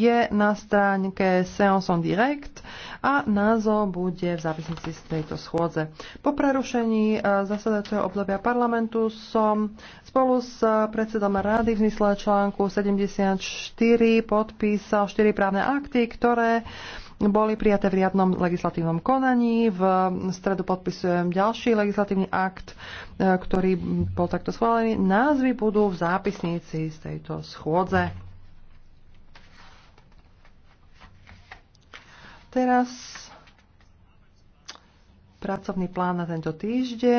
je na stránke Seance on Direct a názov bude v závislosti z tejto schôdze. Po prerušení e, zasadacieho obdobia parlamentu som spolu s predsedom rady v zmysle článku 74 podpísal 4 právne akty, ktoré boli prijaté v riadnom legislatívnom konaní. V stredu podpisujem ďalší legislatívny akt, e, ktorý bol takto schválený. Názvy budú v zápisnici z tejto schôdze. Teraz pracovný plán na tento týždeň.